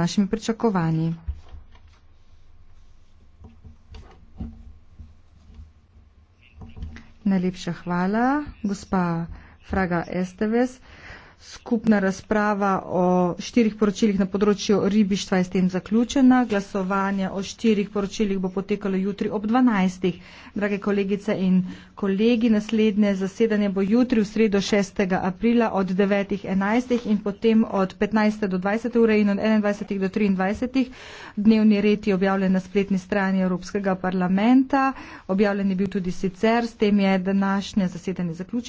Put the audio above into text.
našimi pričakovanji. Najlepša hvala, gospa Fraga Esteves skupna razprava o štirih poročilih na področju ribištva je s tem zaključena. Glasovanje o štirih poročilih bo potekalo jutri ob 12. Drage kolegice in kolegi, naslednje zasedanje bo jutri v sredo 6. aprila od 9.11. in potem od 15. do 20. ure in od 21. do 23. Dnevni red je objavljen na spletni strani Evropskega parlamenta. Objavljen je bil tudi sicer, s tem je današnje zasedanje zaključeno.